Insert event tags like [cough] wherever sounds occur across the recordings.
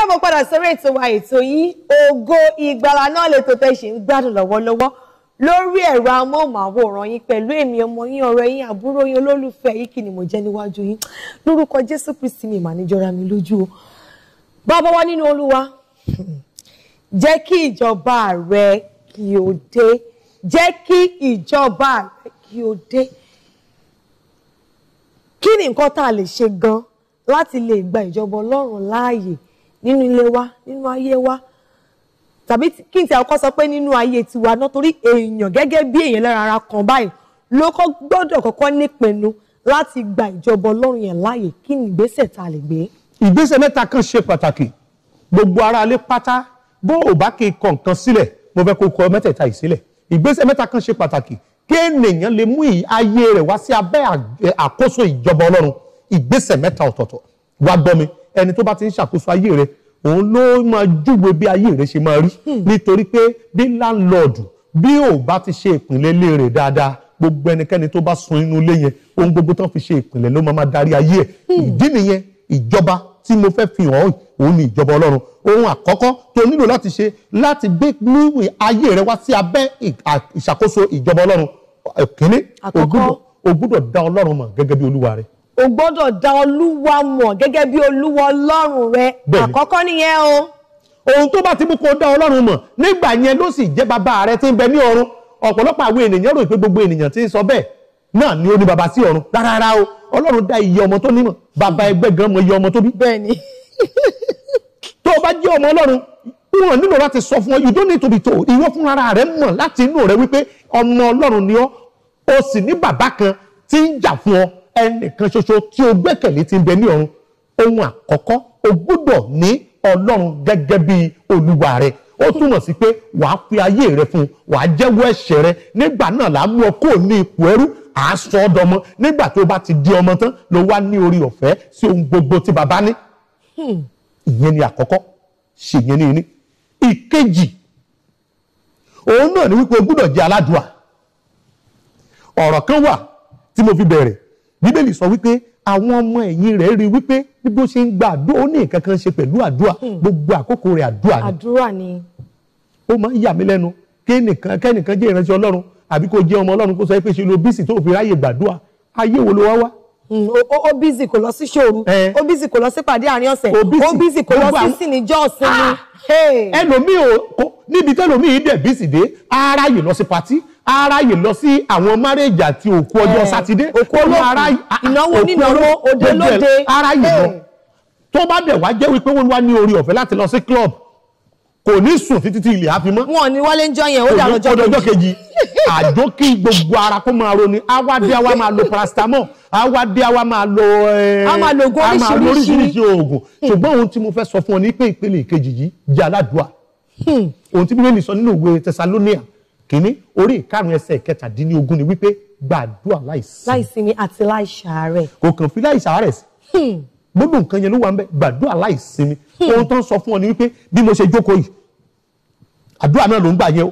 káàbọ̀ padà sórí ètò wa ètò yìí ògo ìgbàlà náà lètò tẹ́ ṣe ń gbádùn lọ́wọ́lọ́wọ́ lórí ẹ̀rọ amóhùnmáwòrán yín pẹ̀lú èmi ọmọ yín ọ̀rẹ́ yín àbúrò yín olólùfẹ́ yín kí ni mo jẹ́ níwájú yín lórúkọ Jésù Kristi mi mà ní jọra mi lójú o bàbá wa nínú Olúwa jẹ́ kí ìjọba rẹ kí o dé jẹ́ kí ìjọba rẹ kí o dé kí ni nǹkan tá a lè ṣe gan láti lè gba ìjọba Ọlọ́run láàyè nínú ilé wa nínú ayé wa tàbí kí n ti àkọ́kọ́ sọ pé nínú ayé tiwa náà torí èèyàn gẹ́gẹ́ bí èèyàn lára ara kan báyìí ló kọ́ gbọ́dọ̀ kọ́kọ́ nípinnu láti gba ìjọba ọlọ́run yẹn láàyè kí ni ìgbésẹ̀ ta lè gbé. ìgbésẹ̀ mẹ́ta kan ṣe pàtàkì gbogbo ara lé pátá bó o bá kì í kọ nǹkan sílẹ̀ mo fẹ́ kó kọ mẹ́tẹ̀ẹ̀ta yìí sílẹ̀ ìgbésẹ̀ mẹ́ta kan ṣe pàtàkì kí ènìyàn lè mú ayé rẹ̀ wá sí abẹ́ àkóso ìjọba ọlọ́run ìgbésẹ̀ mẹ́ta ọ̀tọ̀ọ̀tọ̀ wá gbọ́ mi ẹni tó bá ti ń ṣàkóso ayé rẹ òun ló máa júwe bí ayé rẹ ṣe máa rí hmm. nítorí pé bí láńlọ́ọ̀dù bí ò bá ti ṣe ìpínlẹ̀ ilé rẹ̀ dáadáa gbogbo ẹnikẹ́ni tó bá sun inú ilé yẹn ohun gbogbo tó ń fi ṣe ìpínlẹ̀ ló máa máa darí ayé ẹ̀ hmm. ìdí nìyẹn ìjọba tí mo fẹ́ fi hàn òun ni ìjọba ọlọ́run ohun àkọ́kọ́ tó nílò láti ṣe láti gbé níwìn ayé rẹ wá sí abẹ́ ìṣàkóso ìjọba ọlọ́run kínní o gbúdọ̀ ọlọ́run mọ̀ gẹ́gẹ́ bí olúwa rẹ̀ o gbọ́dọ̀ da olúwa mọ̀ gẹ́gẹ́ bí olúwa ọlọ́run rẹ àkọ́kọ́ nìyẹn o. ohun tó bá ti mú kó dá ọlọ́run mọ̀ nígbà yẹn ló sì jẹ́ bàbá rẹ tí ń bẹ ní ọ̀run ọ̀pọ̀lọpọ̀ àwọn ènìyàn rò pé gbogbo ènìyàn ti ń sọ bẹ́ẹ̀ náà ni ó ní bàbá sí ọ̀run rárá o ọlọ́run dá iye ọmọ tó nímọ̀ bàbá ẹgbẹ́ gan mọ iye ọmọ tó bí. bẹ́ẹ̀ni. [laughs] tó o bá jẹ́ ọmọ ọlọ́run wọn nílò láti sọ fún ọ you don't need to be told ìwọ fúnra rẹ mọ̀ láti inú rẹ wípé ọmọ ọlọ́run ni ọ o sì ní bàbá kan tí ń jà fún ọ ẹnìkan ṣoṣo tí o gbẹ́kẹ̀lé ti ń bẹ ní ọ̀run ohun àkọ́kọ́ o gbọ́dọ̀ ní ọlọ́run gẹ́gẹ́ bí olúwa rẹ ó túmọ̀ sí pé wàá fi ayé rẹ fún un wàá jẹ́wọ́ ẹ̀ṣẹ̀ rẹ nígbà náà là á mú ọ kúrò ní ipò ẹrú à sọ ọ́ dọmọ nígbà tó bá ti di ọmọ tán ló wá ní orí ọ̀fẹ́ sí ohun gbogbo tí bàbá ní. Hmm. ìyẹn ni àkọ́kọ́ ṣèyẹn ni ìní. ìkejì òun náà ni wípé o gbọ́dọ̀ jẹ́ aládùá ọ̀rọ̀ kan wà tí mo fi bẹ̀rẹ̀ bíbélì sọ wípé àwọn ọmọ ẹ̀yìn rẹ̀ rí wípé bí bó ṣe ń gba àdúrà ó ní nǹkan kan ṣe pẹ̀lú àdúrà hmm. gbogbo àkókò rẹ̀ àdúrà ni. àdúrà ni. ó máa ń yà mí lẹ́nu kẹ́nìkan kẹ́nìkan jẹ́ ìránṣẹ́ ọlọ́run àbí kó jẹ́ ọmọ ọlọ́run kó sọ pé ṣe lo bísí tó fi ráyè gbàdúrà ayé wo ló wá wá ó hmm, bízì kò lọ sí ṣòru ó bízì kò lọ sí pàdé àárín ọ̀sẹ̀ ó bízì kò lọ sí sinijọ́ ọ̀sẹ̀ ni. Ah! ẹlòmíì ò níbi tẹ́lòmíì dẹ̀ bízì dé ara yìí lọ sí patí aráyè lọ sí àwọn márèèjì àti òkú ọjọ́ eh, sátidé òkú olóòkú ìnáwó nínáwó òde lóde aráyè lọ eh. tó bá dẹ̀ wá jẹ́ wípé wọ́n wá ní orí ọ̀fẹ́ láti lọ sí club kò ní sùn títí tí ilẹ̀ á fi mọ́. wọn ò ní wọlé ń jọ yẹn ó dà lọ́jọ́ kejì àjọ kí gbogbo ara kó máa ronú awádé awa máa lo paracetamol awádé awa eh, máa lo oríṣiríṣi oògùn ṣùgbọ́n ohun tí mo fẹ́ sọ fún ọ ní pé ìpele ìkejì yìí jẹ́ aládùá hmm. ohun tí bíbélì sọ nínú ìwé Tesalonia kínní orí ìkarùn ẹsẹ̀ kẹtàdínlógún ni wípé gbàdúrà láìsinmi. láìsinmi àti láìsàárẹ̀. kò kàn fi láìsàárẹ̀ sí. Hmm. gbogbo nǹkan yẹn ló wà ń bẹ gbàdúrà láìsinmi. Hmm. ohun tó ń sọ fún ọ ni wípé bí mo ṣe jókòó yìí àdúrà náà ló ń gbà yẹn o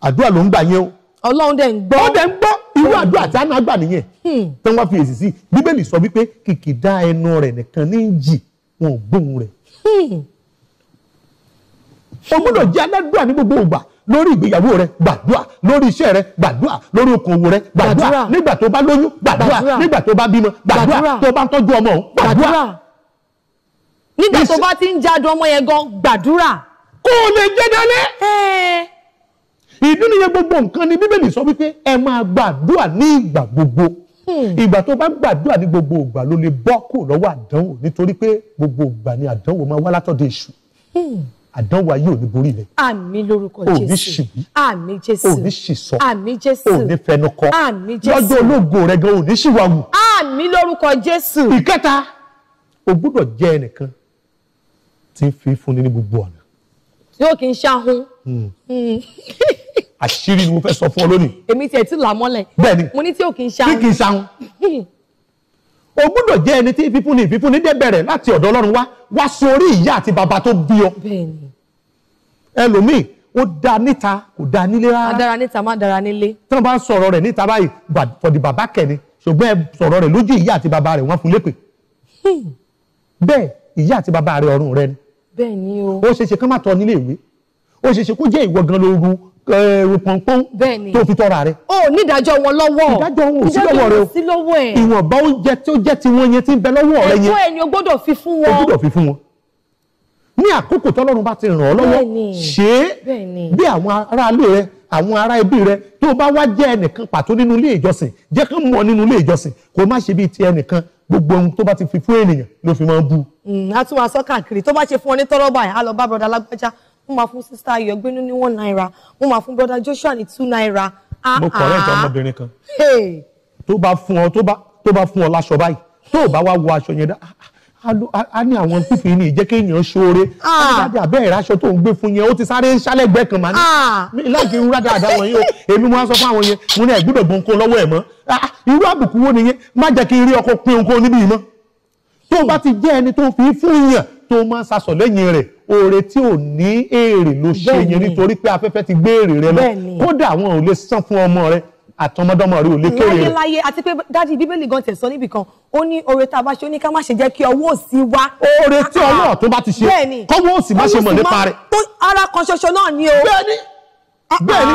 àdúrà ló ń gbà yẹn o. ọlọ́run dẹ̀ ń gbọ́. ó dẹ̀ ń gbọ́ irú àdúrà tí àná gbà nìyẹn. Hmm. tí wọ́n fi èsì sí bíbélì sọ wípé kìkìdá ẹnu rẹ̀ nìkan ní jì wọn ò gbóhùn rẹ̀. o gbọ́dọ̀ jẹ́ aládùúrà ní gbogbo lórí ìgbéyàwó rẹ gbàdúrà lórí iṣẹ́ rẹ gbàdúrà lórí okòwò rẹ gbàdúrà nígbà tó bá lóyún gbàdúrà nígbà tó bá bímọ gbàdúrà tó bá ń tọ́jú ọmọ òun gbàdúrà. nígbà tó bá ti ń jádùn ọmọ yẹn gan gbàdúrà. kó o lè jẹ dalẹ̀. ìdí nìyẹn gbogbo nǹkan ni bíbélì sọ wípé ẹ máa gbàdúrà ní ìgbà gbogbo hmm. ìgbà tó bá gbàdúrà ní gbogbo ìgbà ló lè bọ́ kù lọ́wọ́ àdánwò nítorí pé gbogbo ìgbà ni àdánwò máa wá látọ̀dọ̀ èṣù. Hmm àdánwò ayé ò ní borí rẹ. àmín lórúkọ jésù òní ṣìbí àmín jésù òní ṣìsọ àmín jésù òní fẹnukọ àmín jésù lọ́jọ́ ológo rẹ gan òní ṣìwàwù. àmín lórúkọ jésù. ìkẹta o gbọ́dọ̀ jẹ ẹnìkan tí ń fi fúnni ní gbogbo ọ̀nà. yóò kí n ṣahun. Hmm. Hmm. [laughs] àṣírí ni mo fẹ́ sọ fún ọ lónìí. èmi tiẹ̀ ti là mọ́lẹ̀. bẹ́ẹ̀ni mo ní tí o kì í ṣahun. kí kì í ṣahun. o gbọ́dọ̀ jẹ ẹni tí fífúnni ìfífúnni dé bẹ̀rẹ̀ láti ọ̀dọ̀ ọlọ́run wá wá sórí ìyá àti bàbá tó bí ọ. bẹ́ẹ̀ni ẹlòmíì ó da níta kò da nílé rárá. adara níta má dara nílé. tí wọ́n bá ń sọ̀rọ̀ rẹ̀ níta báyìí fọ̀dì bàbá kẹ́ni ṣùgbọ́n ẹ sọ̀rọ̀ rẹ̀ lójú ìyá àti bàbá rẹ̀ wọ́n fún lépè. Hmm. bẹ́ẹ̀ ìyá àti bàbá rẹ̀ ọ̀run rẹ̀ ni. bẹ́ẹ̀ ni o. ó ṣeéṣe kán má tọ́ nílé ìwé ó ṣeéṣe kó jẹ́ ìwọ gan lóru ẹ̀rù pọ̀npọ̀n tó fi tọ́ra rẹ̀. o ní wọn lọ́wọ́ ìdájọ́ wọn ò sí lọ́wọ́ rẹ o ìwọ̀nba oúnjẹ tó jẹ́ tiwọn yẹn ti ń bẹ lọ́wọ́ rẹ yẹn. ẹ̀kọ́ ní àkókò tọ́lọ́run bá ti ràn ọ́ lọ́wọ́ ṣe é bí àwọn aráalé rẹ àwọn ará ẹbí rẹ tó bá wá jẹ́ ẹnìkan pàtó nínú ilé ìjọsìn jẹ́ kán mọ̀ nínú ilé ìjọsìn kó má ṣe bíi ti ẹnìkan gbogbo ohun tó bá ti fi fún ènìyàn ló fi máa ń bú. Mm, a tún wá sọ káàkiri tó bá ṣe fún ọ ní tọ́rọ́ báyìí á lọ bá brọ̀dá lágbájá wọ́n máa fún sísá ayọ̀gbẹ́nu ní one naira wọ́n máa fún brọ̀dá joshua ní two naira. mo kọ̀rẹ́ ìtàn ọmọbìnrin kan tó bá fún ọ tó bá fún ọ láṣọ báyìí tó bá wá wọ aṣọ yẹn dáa ah, ah, a ní àwọn pípì ní ìjẹ́ kéèyàn ṣoore ah. dáadáa abẹ́ ìraṣọ tó ń gbé fún yẹn ó ti sáré ń ṣálẹ́gbẹ́ kan màá ní ah. láìpẹ́ irú dáadáa wọ̀nyí o èmi mo wá sọ fún àwọn yẹn mo ní ẹ̀gbọ́dọ̀ bọ̀ nǹkan lọ́wọ́ ẹ̀ mọ́ ah, irú àbùkù wo nìyẹn má jẹ́ kí n rí ọkọ pin nǹkan níbí yìí mọ́ tó o bá ti jẹ́ ẹni tó fi fún yàn tó máa ń sasọ̀ lẹ́yìn rẹ̀ oore tí ò ní èrè ló ṣe yẹn nítorí pé afẹ́fẹ́ ti gbé èrè rẹ lọ kódà àwọn ò lè san fún ọmọ rẹ̀ àtọmọdọmọ rẹ ò lè kéré rẹ. láyéláyé àti pé dájú bíbélì gan tẹ̀sán níbì kan ó ní oore tá a bá ṣe ó ní ká má ṣe jẹ́ kí ọwọ́ òsì wa. oore tí ah, ah. ọlọ́run tó bá ti ṣe kọ́wọ́ òsì má ṣe mọ̀ nípa rẹ̀. ara kan ṣoṣo náà ni o. bẹ́ẹ̀ni ah, bẹ́ẹ̀ni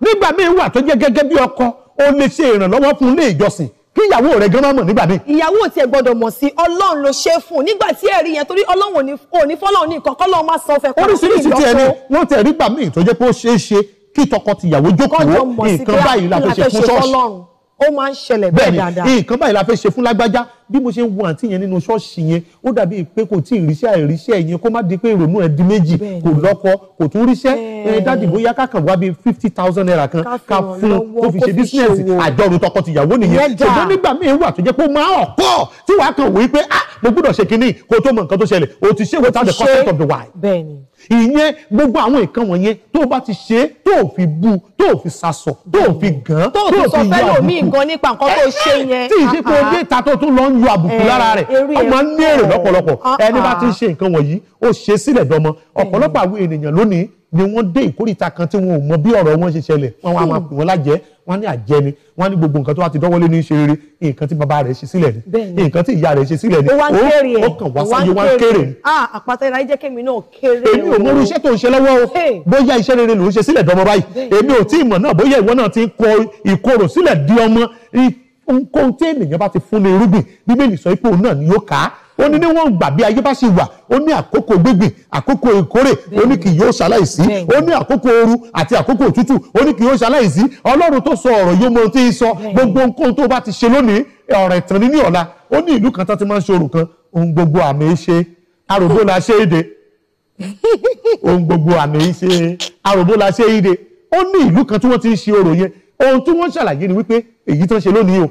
nígbà míì wà tó jẹ́ gẹ́gẹ́ bí ọkọ ó lè ṣe ìrànlọ́wọ́ fún ilé ìjọsìn kí ìyàwó rẹ gan mọ̀ nígbà míì. ìyàwó tiẹ̀ gbọ́dọ̀ mọ̀ sí ọlọ́run ló ṣe fún un nígbà tí ẹ̀rí yẹn torí ọlọ́run ò ní fọ́lọ́run ní nǹkan kọ́lọ́run má sọ fẹ́ kọ́. oríṣiríṣi tiẹ̀ ni wọ́n tẹ̀ rí gbà míì tó jẹ́ pé ó ṣeé ṣe kí tọkọtìyàwó jókòó nǹkan báyìí la fẹ́ ṣe fún ṣọ́ọ̀ṣì ó máa ń ṣẹlẹ̀ bẹ́ẹ̀ dáadáa bẹ́ẹ̀ ni nǹkan báyìí la fẹ́ ṣe fún lágbájá bí mo ṣe ń wo àǹtí yẹn nínú ṣọ́ọ̀ṣì yẹn ó dàbí pé kò tí ì ríṣẹ́ àìríṣẹ́ yẹn kó má di pé ìrònú ẹ̀ di méjì kò lọ́kọ kò tún ríṣẹ́ dáàdì bóyá kákan wá bíi fifty thousand naira kan ká fún kó fi ṣe bísíǹsì àjọrò tọkọtìyàwó nìyẹn ṣùgbọ́n nígbà míì wà tó jẹ́ pé ó máa hàn pọ̀ tí wàá kàn wí pé ah mo gbọ́dọ̀ ṣe kinní kó tó mọ nǹkan tó ṣẹlẹ̀ o ti ṣe the concept of the wife. bẹ́ẹ̀ni ìyẹn gbogbo àwọn nǹkan wọ̀nyẹn tó bá ti ṣe tó fi bu tó fi sasọ tó fi gàn tó fi yọ àbùkù tó fi sọ fẹ́ lòmí nǹkan nípa nǹkan tó ṣe yẹn. tí ìṣe pé ojú ìta tó tún lọ ń yọ àbùkù lára rẹ̀ ó máa ń ní èrè lọ́pọ̀lọpọ̀ ẹni bá ti ń ṣe nǹkan wọ̀nyí ó ṣe sílẹ̀ dọmọ ọ̀pọ̀lọpọ̀ àwọn ènìyàn lónìí ni wọ́n dé ìkórìta kan tí wọn ò mọ bí ọ̀rọ̀ wọn ṣe ṣẹlẹ̀ wọ́n wá máa hmm. pè wọ́n lájẹ́ wọ́n ní àjẹ́ ni wọ́n ní gbogbo nǹkan tó wá ti dọ́wọ́lé ní ṣe rere nǹkan tí bàbá rẹ̀ ṣe sílẹ̀ ni nǹkan tí ìyá rẹ̀ ṣe sílẹ̀ ni ó kàn wá sáyé wá ń kéré. Ah, àpáta ìlà jẹ́ kémi náà kéré o. èmi ò mọ iṣẹ́ tó ń ṣe lọ́wọ́ o bóyá iṣẹ́ rere ló ń ṣe sílẹ̀ dọ́mọ báyìí èmi ò tí ì mọ̀ náà bóyá ìwọ náà ti ń kọ ìkorò sílẹ̀ di ọmọ ohunkóhun tí ènìyàn bá ti fún ní irúgbìn bíbélì sọ pé náà ni yóò ká ó ní níwọ̀n gbà bí ayé bá ṣe wà ó ní àkókò gbígbìn àkókò ìkórè ó ní kì yóò ṣaláìsí ó ní àkókò ooru àti àkókò òtútù ó ní kì yóò ṣaláìsí ọlọ́run tó sọ ọ̀rọ̀ yóò mọ ohun tí ń sọ gbogbo nǹkan tó bá ti ṣe lónìí ọ̀rọ̀ ìtàn ní ní ọ̀la ó ní ìlú kan tó ti máa ń ṣe kan ohun gbogbo àmì ṣe aròbó la ṣe é de ohun gbogbo àmì ṣe aròbó la ṣe é de ó ní ìlú kan tí wọ́n ti ń ṣe orò yẹn ohun tí wọ́n ṣàlàyé ni wípé èyí tó ń ṣe lónìí o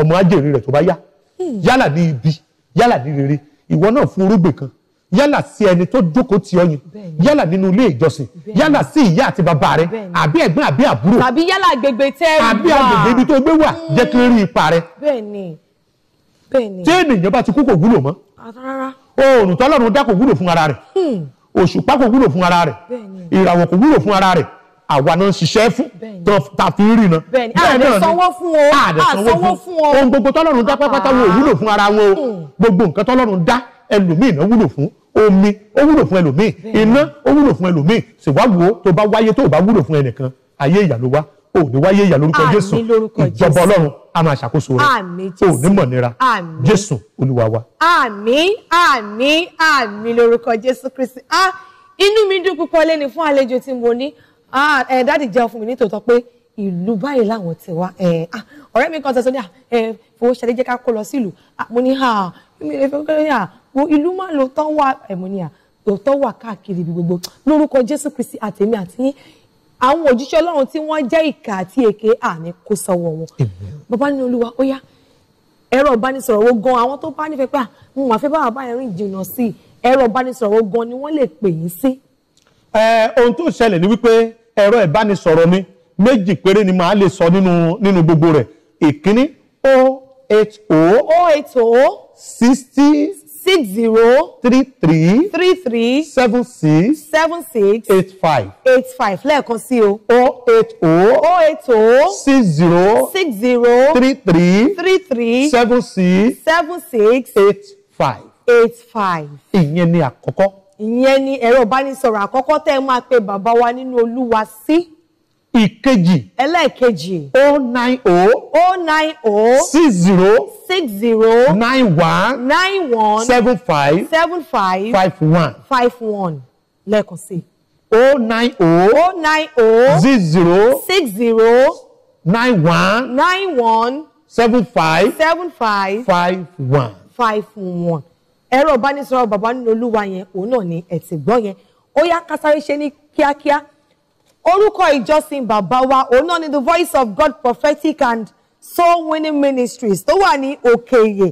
ọmọ ajẹ́rìí rẹ̀ tó bá yá hmm. yálà ní ibi yálà ní rere ìwọ náà fún orúgbìn kan yálà sí ẹni tó jókòó ti ọyìn yálà nínú ilé ìjọsìn yálà sí ìyá àti bàbá rẹ àbí ẹ̀gbọ́n àbí àbúrò àbí yálà agbègbè tẹ ẹ wà àbí agbègbè ibi tó gbé wà jẹ kí n rí ipa rẹ. bẹ́ẹ̀ni tí ènìyàn bá ti kú kò wúlò mọ́ oòrùn tọ́lọ́run dá kò wúlò fún ara rẹ̀ hmm. òṣùpá kò wúlò fún ara rẹ̀ ìràwọ̀ kò wúlò fún ara rẹ̀ àwa náà ń ṣiṣẹ́ fún ta fi ń rìnà. bẹ́ẹ̀ni àdè sanwó fún o àdè sanwó fún o ohun gbogbo tọ́lọ́run dá pátápátá wọn ò wúlò fún ara wọn o gbogbo nǹkan tọ́lọ́run dá ẹlòmíì náà wúlò fún omi ó wúlò fún ẹlòmíì iná ó wúlò fún ẹlòmíì ṣèwádìí tó bá wáyé tó bá wúlò fún ẹnìkan ayé ìyà ló wá o ní wáyé ìyà lórúkọ Jésù ìjọba Ọlọ́run a máa ṣàkóso rẹ̀ o ní mọ̀nira Jésù Olúwa wa. àmín àmín àmín lórúkọ Jésù Kristi ah inú mi dùn púpọ̀ lẹ́ni fún àlejò tí mo ní ẹ ah, eh, dáàdì jẹun fún mi nítòótọ́ pé ìlú báyìí làwọn ti wá eh, ah, ọ̀rẹ́ mi kan sọ ní ah, eh, fowó ṣadé jẹ́ ká kó lọ sílùú mo ní mi lè fẹ́ kọ́ ní ìlú má lò tán wà mo ní òótọ́ wà káàkiri ibi gbogbo lórúkọ Jésù Kristi àtèmi àtìyín àwọn òjíṣẹ́ Ọlọ́run tí wọ́n jẹ́ ìkà àti èké àní kó sọ́wọ́ wọn bàbá ní Olúwa ó yá ẹ̀rọ ìbánisọ̀rọ̀ wo gan àwọn tó bá nífẹ̀ẹ́ pé mo máa fẹ́ bàbá yẹn rìn sí ẹ̀rọ ìbánisọ̀rọ̀ wo gan ni wọ́n lè pè yín sí. ohun tó ṣẹlẹ̀ ni wípé ẹ̀rọ ìbánisọ̀rọ̀ mi méjì péré ni màá lè sọ nínú nínú gbogbo rẹ̀ ìkíní o oh eight o. Oh o eight o. sixty. six zero. three three. three three. seven six. seven six. eight five. eight five lẹ́ẹ̀kan sí o. o oh eight o. o eight o. six zero. six zero. three three. three three. seven six. seven six. eight five. eight five. ìyẹn ni àkọ́kọ́ ìyẹn ni ẹ̀rọ ìbánisọ̀rọ̀ àkọ́kọ́ tẹ́ ẹ máa pe bàbá wa nínú olúwa sí. ìkejì. ẹlẹ́ẹ̀kejì. o nine o. o nine o. six zero. six zero. nine one. nine one. seven five. seven five. five one. five one lẹ́ẹ̀kan sí. o nine o. o nine o. six zero. six zero. nine one. nine one. seven five. seven five. five one. five one ẹ̀rọ ìbánisọ̀rọ̀ bàbá nínú olúwa yẹn òun náà ni ẹ ti gbọ́ yẹn ó yá kásáré ṣe ní kíákíá orúkọ ìjọsìn bàbá wa òun náà ni the voice of God prophetic and soul winning ministries tó wà ní òkèèyè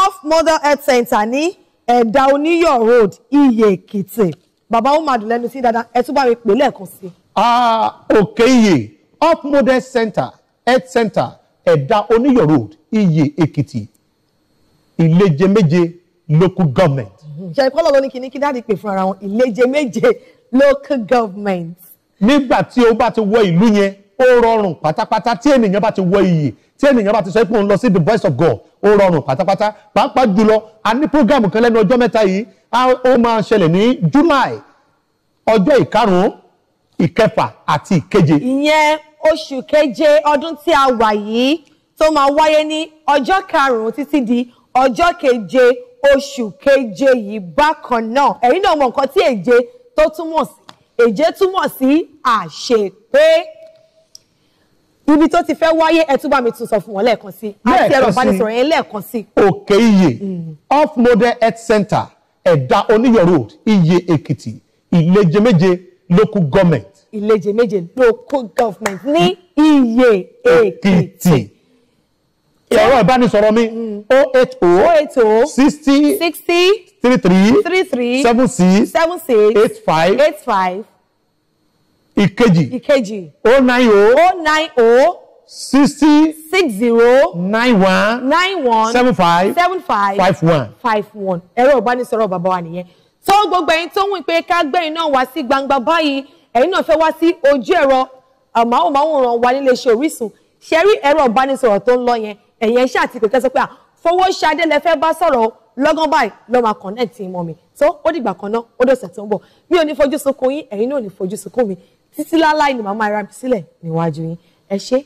off model health center ní ẹ̀dà oníyọ̀ road iye èkìtì bàbá ó máa dùn lẹ́nu sí dáadáa ẹ tún bá mi pè lẹ́ẹ̀kan sí. òkèèyè off model center health center ẹ̀dà oníyọ̀ road iye èkìtì ìlẹ́jẹ̀ méje local government. Mhm. ṣe ìkọlọ ló ní kíní kí dáàdi pè fún ara wọn ìleje méje local government. nígbà tí o bá ti wọ ìlú yẹn ó rọrùn pátápátá tí ènìyàn bá ti wọ iyì tí ènìyàn bá ti sọ pé òun lọ sí the voice of God ó rọrùn pátápátá pàápàá jùlọ a ní programu kan lẹ́nu ọjọ́ mẹ́ta yìí ó máa ṣẹlẹ̀ ní July ọjọ́ ìkarùn-ún ìkẹfà àti ìkeje. ìyẹn oṣù keje ọdún tí a wà yìí tó máa wáyé ní ọjọ́ karùn-ún títí di ọjọ́ keje oṣù keje yìí bákan náà ẹ̀yin náà mọ̀ nǹkan tí èje tó túmọ̀ sí èje túmọ̀ sí àṣepé ibi tó ti fẹ́ wáyé ẹ tún bá mi tún sọ fún wọn lẹ́ẹ̀kan sí àti ẹ̀rọ ìbánisọ̀rọ̀ yẹn lẹ́ẹ̀kan sí. òkè iye mm. off model health center ẹ̀dá oníyọ̀ road iye èkìtì ìlẹ́jẹ̀ méje local government. ìlẹ́jẹ̀ méje local government ní iye èkìtì ẹ̀rọ ìbánisọ̀rọ̀ mi o oh eight o oh sixty oh sixty three three three three seven six seven six eight five eight five ìkejì ìkejì o nine o o nine o sixty six zero nine one nine one seven five seven five five one five one ẹ̀rọ ìbánisọ̀rọ̀ bàbá wa nìyẹn tó gbogbo ẹ̀yin tó ń wí pé ká gbẹ̀yìn náà wá sí gbangba báyìí ẹ̀yin náà fẹ́ wá sí ojú ẹ̀rọ àmọ́ àwọn máa ń ràn wá nílé iṣẹ́ Orísun ṣe rí ẹ̀rọ ìbánisọ̀rọ̀ tó ń lọ yẹn ẹ̀yin ẹ̀ṣẹ́ àti kò kẹ́sọ́ pé à Fowóṣadé lẹ fẹ́ bá sọ̀rọ̀ lọ́gán báyìí lọ́ máa connect mọ́ mi tó ó dìgbà kan náà ó dọ̀sẹ̀ tó ń bọ̀ mi ò ní fojú sunkún yín ẹ̀yin náà ò ní fojú sunkún mi títí láláì ni màmá ara mi sílẹ̀ níwájú yín ẹ ṣé